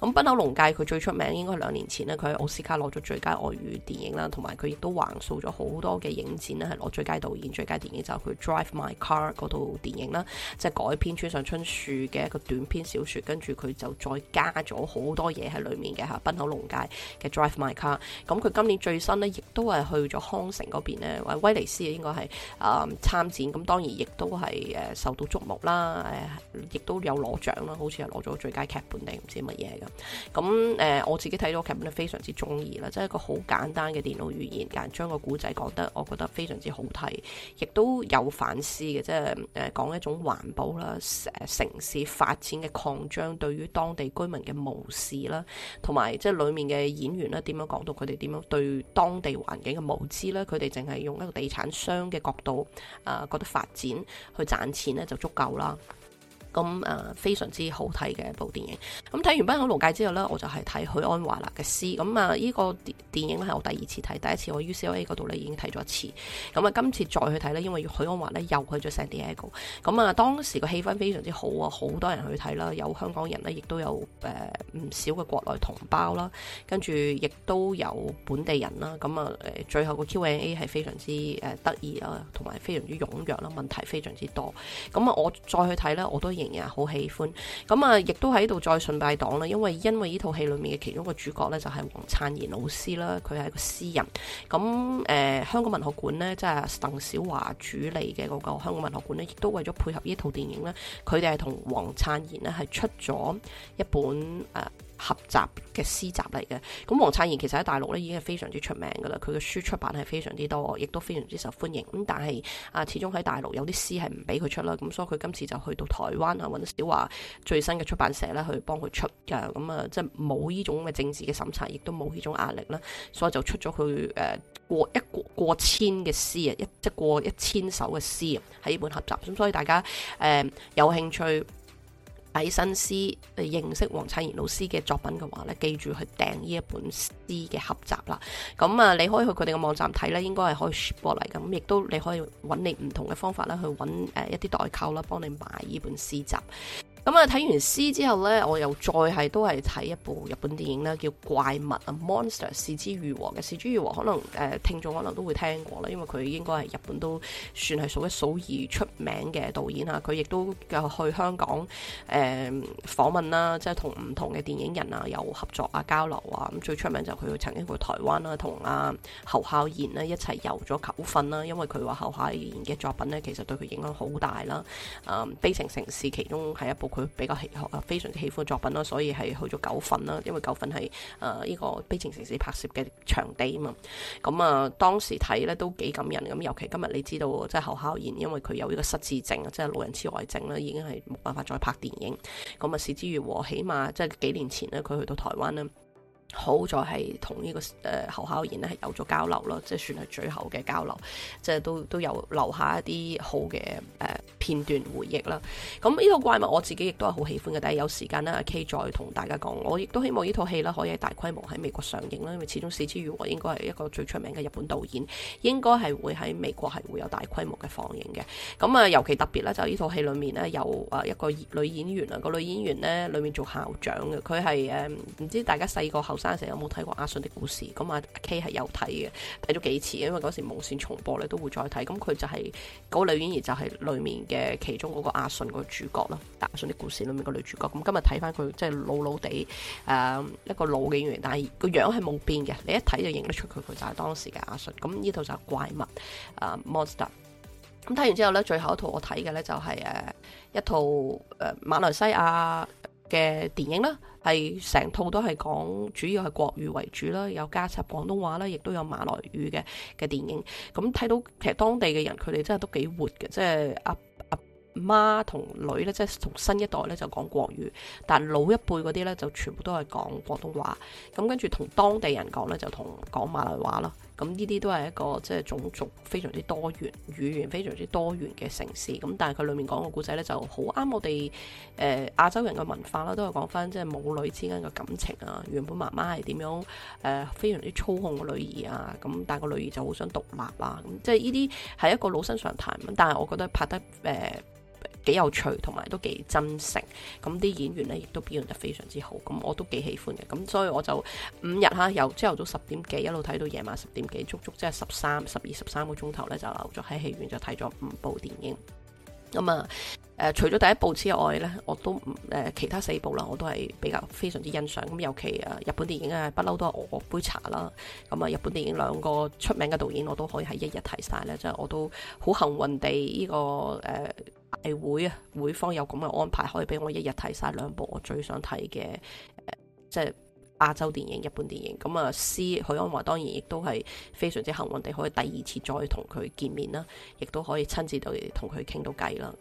咁《濱口龍介》佢最出名應該係兩年前呢，佢喺奧斯卡攞咗最佳外語片。影啦，同埋佢亦都橫掃咗好多嘅影展啦，係攞最佳導演、最佳電影就係佢 Drive My Car 嗰套電影啦，即係改編村上春樹嘅一個短篇小說，跟住佢就再加咗好多嘢喺裏面嘅吓，濱口龍介嘅 Drive My Car。咁佢今年最新呢亦都係去咗康城嗰邊咧，威尼斯啊應該係啊參展，咁當然亦都係誒受到矚目啦，誒亦都有攞獎啦，好似係攞咗最佳劇本定唔知乜嘢噶，咁誒我自己睇咗劇本咧非常之中意啦，即係一個好簡單。嘅電腦語言，但係將個古仔講得，我覺得非常之好睇，亦都有反思嘅，即係誒講一種環保啦、呃，城市發展嘅擴張對於當地居民嘅無視啦，同埋即係裏面嘅演員啦，點樣講到佢哋點樣對當地環境嘅無知啦，佢哋淨係用一個地產商嘅角度啊、呃，覺得發展去賺錢咧就足夠啦。咁啊，非常之好睇嘅一部電影。咁睇完《投奔怒海》之後呢，我就係睇許鞍華啦嘅詩。咁啊，呢、這個電影咧係我第二次睇，第一次我 UCLA 嗰度呢，已經睇咗一次。咁啊，今次再去睇呢，因為許鞍華呢，又去咗 San Diego。咁啊，當時個氣氛非常之好啊，好多人去睇啦，有香港人呢，亦都有誒唔少嘅國內同胞啦，跟住亦都有本地人啦。咁啊，誒最後個 Q&A 係非常之誒得意啊，同埋非常之踴躍啦，問題非常之多。咁啊，我再去睇呢，我都。仍然、嗯、好喜歡，咁、嗯、啊，亦都喺度再崇拜黨啦，因為因為呢套戲裡面嘅其中一個主角咧就係、是、黃燦然老師啦，佢係一個詩人，咁、嗯、誒、嗯、香港文學館咧即係鄧小華主理嘅嗰個香港文學館咧，亦都為咗配合呢套電影咧，佢哋係同黃燦然咧係出咗一本誒，呃合集嘅詩集嚟嘅，咁黃燦然其實喺大陸咧已經係非常之出名噶啦，佢嘅書出版係非常之多，亦都非常之受歡迎。咁但係啊，始終喺大陸有啲詩係唔俾佢出啦，咁所以佢今次就去到台灣啊，揾小華最新嘅出版社咧去幫佢出㗎，咁、嗯、啊即係冇呢種嘅政治嘅審查，亦都冇呢種壓力啦，所以就出咗佢誒過一過，過，過千嘅詩啊，一即係過一千首嘅詩喺本合集，咁所以大家誒、嗯、有興趣。睇新詩，誒，認識黃燦賢老師嘅作品嘅話呢，記住去訂呢一本詩嘅合集啦。咁啊，你可以去佢哋嘅網站睇呢，應該係可以 ship 過嚟。咁亦都你可以揾你唔同嘅方法啦，去揾一啲代購啦，幫你買呢本詩集。咁啊，睇完詩之後咧，我又再係都係睇一部日本電影啦，叫《怪物》啊，《Monster》《是枝裕和》嘅《是枝裕和》，可能誒、呃、聽眾可能都會聽過啦，因為佢應該係日本都算係數一數二出名嘅導演啊，佢亦都誒去香港誒、呃、訪問啦，即係同唔同嘅電影人啊有合作啊交流啊。咁最出名就佢曾經去台灣啦，同阿侯孝賢咧一齊遊咗九份啦，因為佢話侯孝賢嘅作品咧其實對佢影響好大啦。誒、呃、悲情城、城市》其中係一部。佢比較喜學啊，非常之喜歡作品咯，所以係去咗九份啦。因為九份係誒呢個悲情城市拍攝嘅場地啊嘛。咁啊，當時睇咧都幾感人。咁尤其今日你知道，即係侯孝賢，因為佢有呢個失智症，即係老人痴呆症咧，已經係冇辦法再拍電影。咁啊，事之如和，起碼即係幾年前咧，佢去到台灣咧。好在係同呢個誒校校園咧係有咗交流咯，即係算係最後嘅交流，即係都都有留下一啲好嘅誒、呃、片段回憶啦。咁呢套怪物我自己亦都係好喜歡嘅，但係有時間阿 k 再同大家講。我亦都希望戲呢套戲啦可以大規模喺美國上映啦，因為始終市之宇和應該係一個最出名嘅日本導演，應該係會喺美國係會有大規模嘅放映嘅。咁啊、呃，尤其特別咧就係呢套戲裡面呢，有啊一個女演員啊，個女演員呢裡面做校長嘅，佢係誒唔知大家細個後。生成有冇睇過阿信的故事？咁阿 K 係有睇嘅，睇咗幾次，因為嗰時無線重播咧都會再睇。咁佢就係、是、嗰、那個女演員，就係裏面嘅其中嗰個阿信個主角啦。阿信的故事裏面個女主角。咁今日睇翻佢，即係老老地誒、呃、一個老嘅演員，但係個樣係冇變嘅。你一睇就認得出佢，佢就係當時嘅阿信。咁呢套就係怪物誒、呃、monster。咁睇完之後咧，最後一套我睇嘅咧就係、是、誒、呃、一套誒、呃、馬來西亞。嘅電影啦，係成套都係講主要係國語為主啦，有加插廣東話啦，亦都有馬來語嘅嘅電影。咁睇到其實當地嘅人佢哋真係都幾活嘅。即係阿阿媽同女呢，即係同新一代呢，就講國語，但老一輩嗰啲呢，就全部都係講廣東話。咁跟住同當地人講呢，就同講馬來話啦。咁呢啲都係一個即係種族非常之多元，語言非常之多元嘅城市。咁但係佢裏面講嘅故仔呢，就好啱我哋誒，亞洲人嘅文化啦。都係講翻即係母女之間嘅感情啊。原本媽媽係點樣誒、呃、非常之操控個女兒啊。咁但係個女兒就好想獨立啦。咁即係呢啲係一個老生常談。但係我覺得拍得誒。呃幾有趣，同埋都幾真誠，咁啲演員呢，亦都表現得非常之好，咁我都幾喜歡嘅，咁所以我就五日吓，由朝頭早十點幾一路睇到夜晚十點幾，足足即係十三、十二、十三個鐘頭呢，就留咗喺戲院就睇咗五部電影，咁啊，誒、呃，除咗第一部之外呢，我都唔誒、呃、其他四部啦，我都係比較非常之欣賞，咁尤其啊日本電影啊，不嬲都係我杯茶啦，咁啊日本電影兩個出名嘅導演，我都可以係一日睇晒咧，即係我都好幸運地呢、這個誒。呃係會啊！會方有咁嘅安排，可以俾我一日睇晒兩部我最想睇嘅、呃，即係亞洲電影、日本電影。咁啊，施許安華當然亦都係非常之幸運地可以第二次再同佢見面啦，亦都可以親自到同佢傾到偈啦。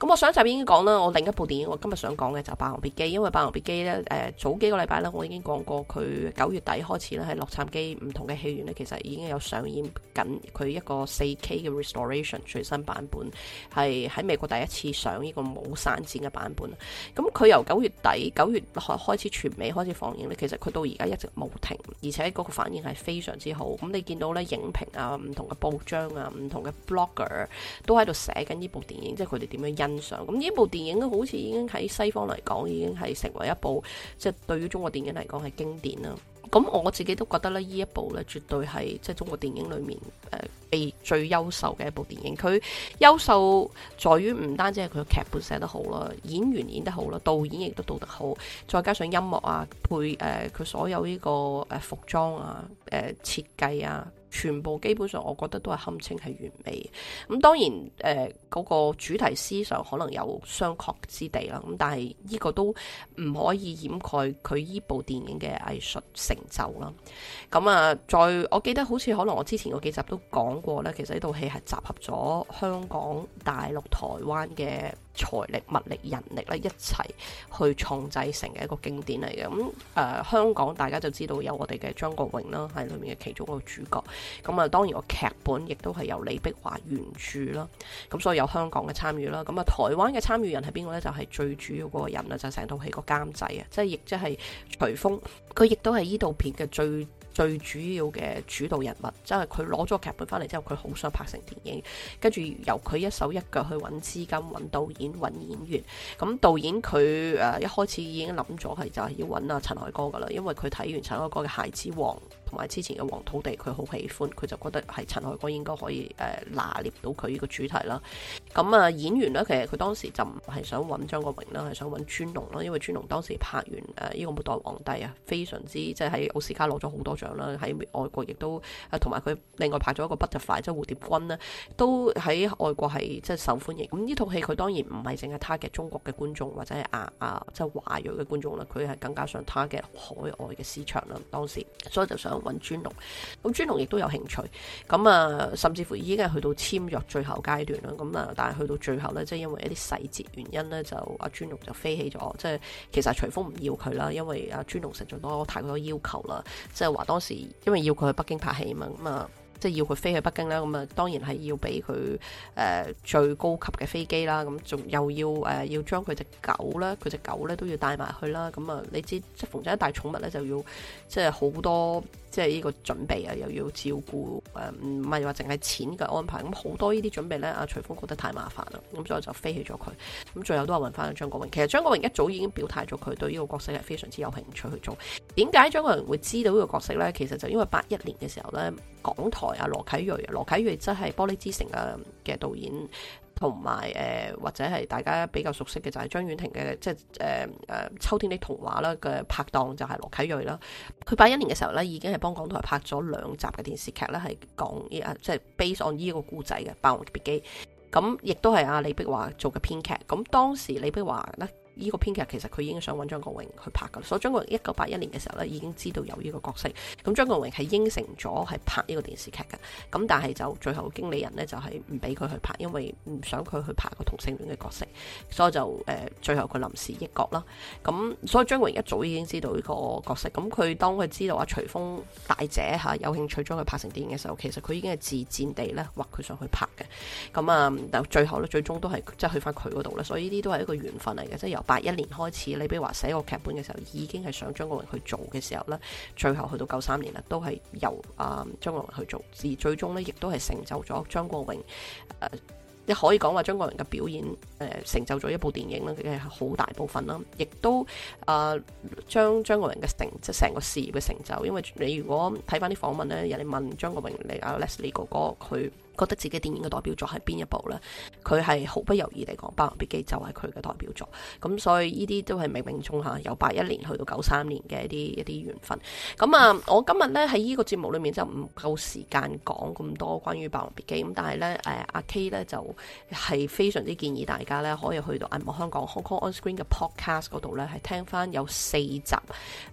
咁我想喺上已經講啦，我另一部電影我今日想講嘅就係《霸王別姬》，因為《霸王別姬》咧，誒、呃、早幾個禮拜咧，我已經講過佢九月底開始咧喺洛杉磯唔同嘅戲院咧，其實已經有上演緊佢一個四 K 嘅 restoration 最新版本，係喺美國第一次上呢個冇刪剪嘅版本。咁、嗯、佢由九月底九月開始全美開始放映咧，其實佢到而家一直冇停，而且嗰個反應係非常之好。咁你見到咧影評啊、唔同嘅報章啊、唔同嘅 blogger 都喺度寫緊呢部電影，即係佢哋點樣欣。咁呢部電影都好似已經喺西方嚟講，已經係成為一部即係、就是、對於中國電影嚟講係經典啦。咁我自己都覺得咧，呢一部咧絕對係即係中國電影裏面誒被、呃、最優秀嘅一部電影。佢優秀在於唔單止係佢嘅劇本寫得好啦，演員演得好啦，導演亦都導得好，再加上音樂啊，配誒佢、呃、所有呢個誒服裝啊，誒、呃、設計啊。全部基本上，我覺得都係堪稱係完美。咁當然，誒、呃嗰個主題思想可能有商榷之地啦。咁但係呢個都唔可以掩蓋佢依部電影嘅藝術成就啦。咁、嗯、啊，再我記得好似可能我之前嗰幾集都講過咧，其實呢套戲係集合咗香港、大陸、台灣嘅。.財力、物力、人力咧一齊去創製成嘅一個經典嚟嘅，咁、嗯、誒、呃、香港大家就知道有我哋嘅張國榮啦，喺裏面嘅其中一個主角，咁、嗯、啊當然個劇本亦都係由李碧華原著啦，咁、嗯、所以有香港嘅參與啦，咁、嗯、啊台灣嘅參與人係邊個呢？就係、是、最主要嗰個人啦，就成套戲個監製啊，即係亦即係徐楓，佢亦都係呢套片嘅最。最主要嘅主導人物，即係佢攞咗個劇本翻嚟之後，佢好想拍成電影，跟住由佢一手一腳去揾資金、揾導演、揾演員。咁導演佢誒一開始已經諗咗係就係要揾阿陳凱歌噶啦，因為佢睇完陳凱歌嘅《孩子王》。同埋之前嘅黃土地，佢好喜歡，佢就覺得係陳凱歌應該可以誒、呃、拿捏到佢呢個主題啦。咁啊，演員呢，其實佢當時就唔係想揾張國榮啦，係想揾尊龍啦，因為尊龍當時拍完誒依、呃呢個末代皇帝啊，非常之即係喺奧斯卡攞咗好多獎啦，喺外國亦都同埋佢另外拍咗一個 Butterfly 即係蝴蝶君啦，都喺外國係即係受歡迎。咁呢套戲佢當然唔係淨係他嘅中國嘅觀眾或者係啊啊即係華裔嘅觀眾啦，佢係更加上他嘅海外嘅市場啦。當時所以就想，揾尊龍，咁尊龍亦都有興趣，咁啊，甚至乎已經係去到簽約最後階段啦。咁啊，但係去到最後咧，即係因為一啲細節原因咧，就阿尊龍就飛起咗。即係其實徐楓唔要佢啦，因為阿尊龍實在多太多要求啦。即係話當時因為要佢去北京拍戲啊嘛，咁啊，即係要佢飛去北京啦，咁啊，當然係要俾佢誒最高級嘅飛機啦。咁仲又要誒、呃、要將佢隻狗咧，佢隻狗咧都要帶埋去啦。咁啊，你知即逢馮仔帶寵物咧就要即係好多。即係呢個準備啊，又要照顧誒，唔係話淨係錢嘅安排，咁、嗯、好多呢啲準備咧，阿、啊、徐峰覺得太麻煩啦，咁、嗯、所以就飛起咗佢。咁最後都係揾翻張國榮。其實張國榮一早已經表態咗，佢對呢個角色係非常之有興趣去做。點解張國榮會知道呢個角色呢？其實就因為八一年嘅時候呢，港台啊，羅啟銳，羅啟銳真係《玻璃之城》啊嘅導演。同埋誒，或者係大家比較熟悉嘅就係張婉婷嘅，即係誒誒秋天的童話啦嘅拍檔就係羅啟銳啦。佢八一年嘅時候咧已經係幫港台拍咗兩集嘅電視劇啦，係講啊即係 Based on 依個故仔嘅《霸王別姬》。咁亦都係阿李碧華做嘅編劇。咁、嗯、當時李碧華咧。呢個編劇其實佢已經想揾張國榮去拍㗎，所以張國榮一九八一年嘅時候咧已經知道有呢個角色，咁張國榮係應承咗係拍呢個電視劇嘅，咁但係就最後經理人呢，就係唔俾佢去拍，因為唔想佢去拍個同性戀嘅角色，所以就誒、呃、最後佢臨時易角啦，咁所以張國榮一早已經知道呢個角色，咁佢當佢知道阿徐楓大姐嚇有興趣將佢拍成電影嘅時候，其實佢已經係自薦地咧話佢上去拍嘅，咁啊但最後咧最終都係即係去返佢嗰度咧，所以呢啲都係一個緣分嚟嘅，即係由。八一年開始，你比如話寫個劇本嘅時候，已經係想張國榮去做嘅時候咧，最後去到九三年啦，都係由啊、呃、張國榮去做，而最終咧，亦都係成就咗張國榮。你、呃、可以講話張國榮嘅表演誒、呃、成就咗一部電影啦，佢係好大部分啦，亦都啊、呃、將張國榮嘅成即成個事業嘅成就。因為你如果睇翻啲訪問咧，人哋問張國榮你阿、啊、Leslie 哥哥佢，覺得自己電影嘅代表作係邊一部呢？佢係毫不猶豫地講，《霸王別姬》就係佢嘅代表作。咁所以呢啲都係冥冥中下，由八一年去到九三年嘅一啲一啲緣分。咁啊，我今日呢喺呢個節目裏面就唔夠時間講咁多關於《霸王別姬》咁，但係呢，誒、啊，阿 K 呢就係、是、非常之建議大家呢可以去到《銀幕香港 Hong Kong On Screen》嘅 Podcast 嗰度呢，係聽翻有四集，誒、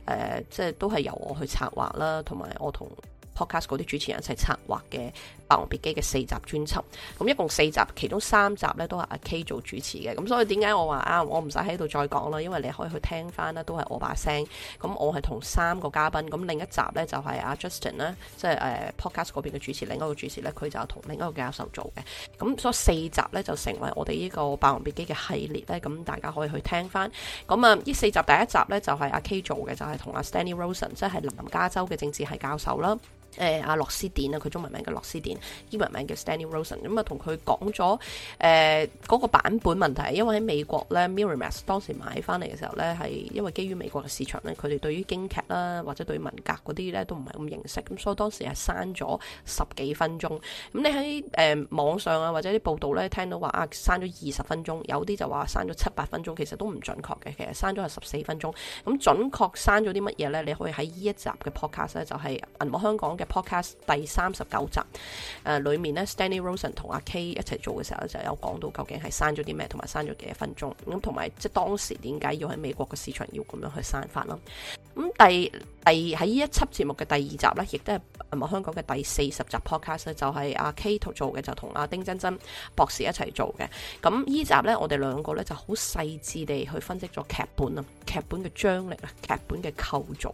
呃，即係都係由我去策劃啦，同埋我同 Podcast 嗰啲主持人一齊策劃嘅。《霸王別姬》嘅四集專輯，咁一共四集，其中三集咧都係阿 K 做主持嘅，咁所以點解我話啊，我唔使喺度再講啦，因為你可以去聽翻啦，都係我把聲，咁我係同三個嘉賓，咁另一集咧就係阿、啊、Justin 啦，即係誒 Podcast 嗰邊嘅主持，另一個主持咧佢就係同另一個教授做嘅，咁所以四集咧就成為我哋呢個《霸王別姬》嘅系列咧，咁大家可以去聽翻，咁啊呢四集第一集咧就係阿 K 做嘅，就係、是、同阿 Stanley Rosen，即係南，南加州嘅政治系教授啦，誒、啊、阿洛斯典啊，佢中文名叫洛斯典。英文名叫 Stanley Rosen，咁啊同佢講咗誒嗰個版本問題，因為喺美國咧 Miramax 當時買翻嚟嘅時候咧，係因為基於美國嘅市場咧，佢哋對於京劇啦、啊、或者對文革嗰啲咧都唔係咁認識，咁、嗯、所以當時係刪咗十幾分鐘。咁、嗯、你喺誒、呃、網上啊或者啲報道咧聽到話啊刪咗二十分鐘，有啲就話刪咗七八分鐘，其實都唔準確嘅。其實刪咗係十四分鐘。咁、嗯、準確刪咗啲乜嘢咧？你可以喺呢一集嘅 podcast 咧，就係、是《銀幕香港》嘅 podcast 第三十九集。誒裏、呃、面呢 Stanley Rosen 同阿 K 一齊做嘅時候就有講到究竟係刪咗啲咩，同埋刪咗幾多分鐘。咁同埋即係當時點解要喺美國嘅市場要咁樣去刪法啦？咁、嗯、第第喺呢一輯節目嘅第二集呢，亦都係香港嘅第四十集 podcast 就係阿 Kay 做嘅，就同阿丁真真博士一齊做嘅。咁呢集呢，我哋兩個呢就好細緻地去分析咗劇本啊，劇本嘅張力啊，劇本嘅構造，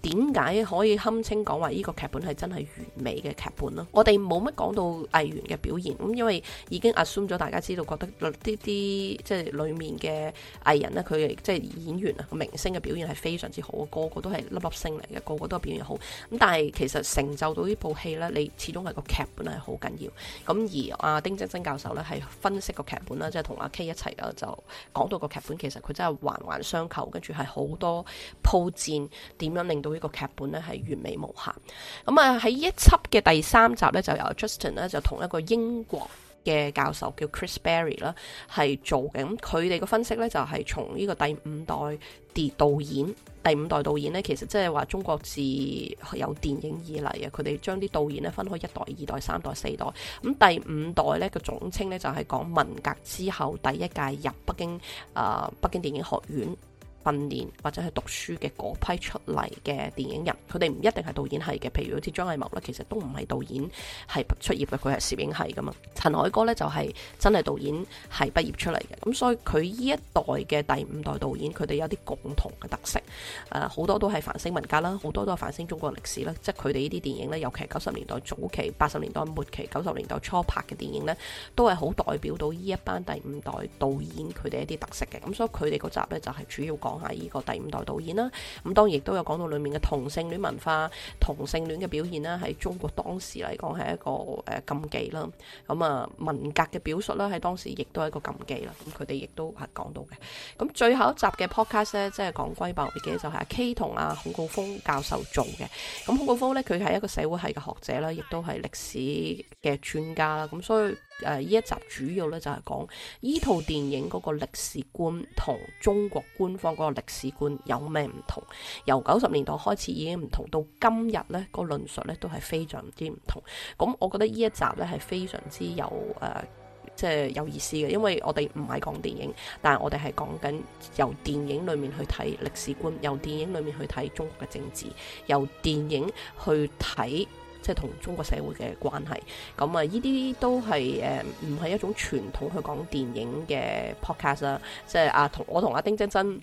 點解可以堪稱講話呢個劇本係真係完美嘅劇本咯。我哋冇乜講到藝員嘅表現，咁因為已經 assume 咗大家知道，覺得呢啲即係裡面嘅藝人呢，佢即係演員啊、明星嘅表現係非常之好，個個都係粒粒星。嚟嘅個個都表現好，咁但係其實成就到呢部戲呢，你始終係個劇本係好緊要。咁而阿丁晶晶教授呢，係分析個劇本啦，即係同阿 K 一齊啦、啊，就講到個劇本其實佢真係環環相扣，跟住係好多鋪墊點樣令到呢個劇本呢係完美無瑕。咁啊喺一輯嘅第三集呢，就有 Justin 呢，就同一個英國。嘅教授叫 Chris Berry 啦，係做嘅咁，佢哋嘅分析咧就係從呢個第五代導演，第五代導演咧其實即係話中國自有電影以嚟啊，佢哋將啲導演咧分開一代、二代、三代、四代，咁第五代咧個總稱咧就係講文革之後第一屆入北京啊、呃，北京電影學院。訓練或者係讀書嘅嗰批出嚟嘅電影人，佢哋唔一定係導演系嘅，譬如好似張藝謀呢，其實都唔係導演系畢業嘅，佢係攝影系㗎嘛。陳凱歌呢就係、是、真係導演系畢業出嚟嘅，咁所以佢呢一代嘅第五代導演，佢哋有啲共同嘅特色，誒、呃、好多都係反思文革啦，好多都係反思中國歷史啦，即係佢哋呢啲電影呢，尤其係九十年代早期、八十年代末期、九十年代初拍嘅電影呢，都係好代表到呢一班第五代導演佢哋一啲特色嘅，咁所以佢哋嗰集呢，就係主要講。講呢個第五代導演啦，咁當然亦都有講到裏面嘅同性戀文化、同性戀嘅表現啦，喺中國當時嚟講係一個誒禁忌啦。咁啊，文革嘅表述啦，喺當時亦都係一個禁忌啦。咁佢哋亦都係講到嘅。咁最後一集嘅 podcast 咧，即係講歸暴嘅，就係、是、阿 K 同阿孔誥烽教授做嘅。咁孔誥烽咧，佢係一個社會系嘅學者啦，亦都係歷史嘅專家啦。咁所以。誒，呢、呃、一集主要咧就係講呢套電影嗰個歷史觀同中國官方嗰個歷史觀有咩唔同？由九十年代開始已經唔同，到今日呢、個論述呢都係非常之唔同。咁、嗯、我覺得呢一集呢係非常之有誒、呃，即係有意思嘅，因為我哋唔係講電影，但係我哋係講緊由電影裏面去睇歷史觀，由電影裏面去睇中國嘅政治，由電影去睇。即係同中國社會嘅關係，咁啊，呢啲都係誒，唔係一種傳統去講電影嘅 podcast 啦。即係啊，同我同阿丁真真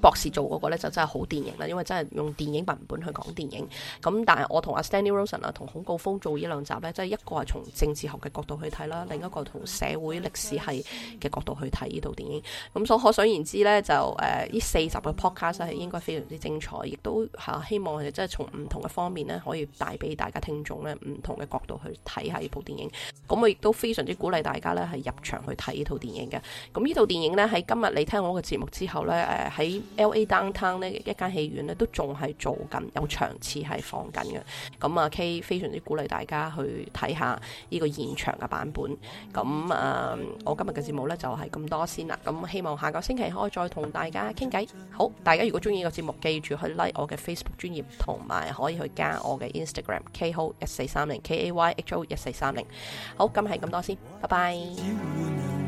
博士做嗰個咧就真係好電影啦，因為真係用電影文本去講電影。咁但係我同阿 Stanley Rosen 啊，同孔告峰做呢兩集咧，即係一個係從政治學嘅角度去睇啦，另一個同社會歷史係嘅角度去睇呢套電影。咁所可想而知咧，就誒呢四集嘅 podcast 係應該非常之精彩，亦都嚇希望真係從唔同嘅方面咧，可以帶俾大家聽眾咧唔同嘅角度去睇下呢部電影。咁、呃、我亦都非常之鼓勵大家咧係入場去睇呢套電影嘅。咁呢套電影咧喺今日你聽我個節目之後咧，誒、呃、喺。L.A. downtown 呢一間戲院咧都仲係做緊，有場次係放緊嘅。咁啊，K 非常之鼓勵大家去睇下呢個現場嘅版本。咁啊、嗯，我今日嘅節目呢就係咁多先啦。咁希望下個星期可以再同大家傾偈。好，大家如果中意個節目，記住去 like 我嘅 Facebook 專頁，同埋可以去加我嘅 Instagram KayHo 一四三零 KAYHO 一四三零。好，咁係咁多先，拜拜。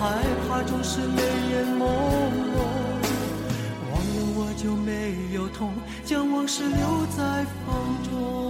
害怕總是淚眼朦朧，忘了我就沒有痛，將往事留在風中。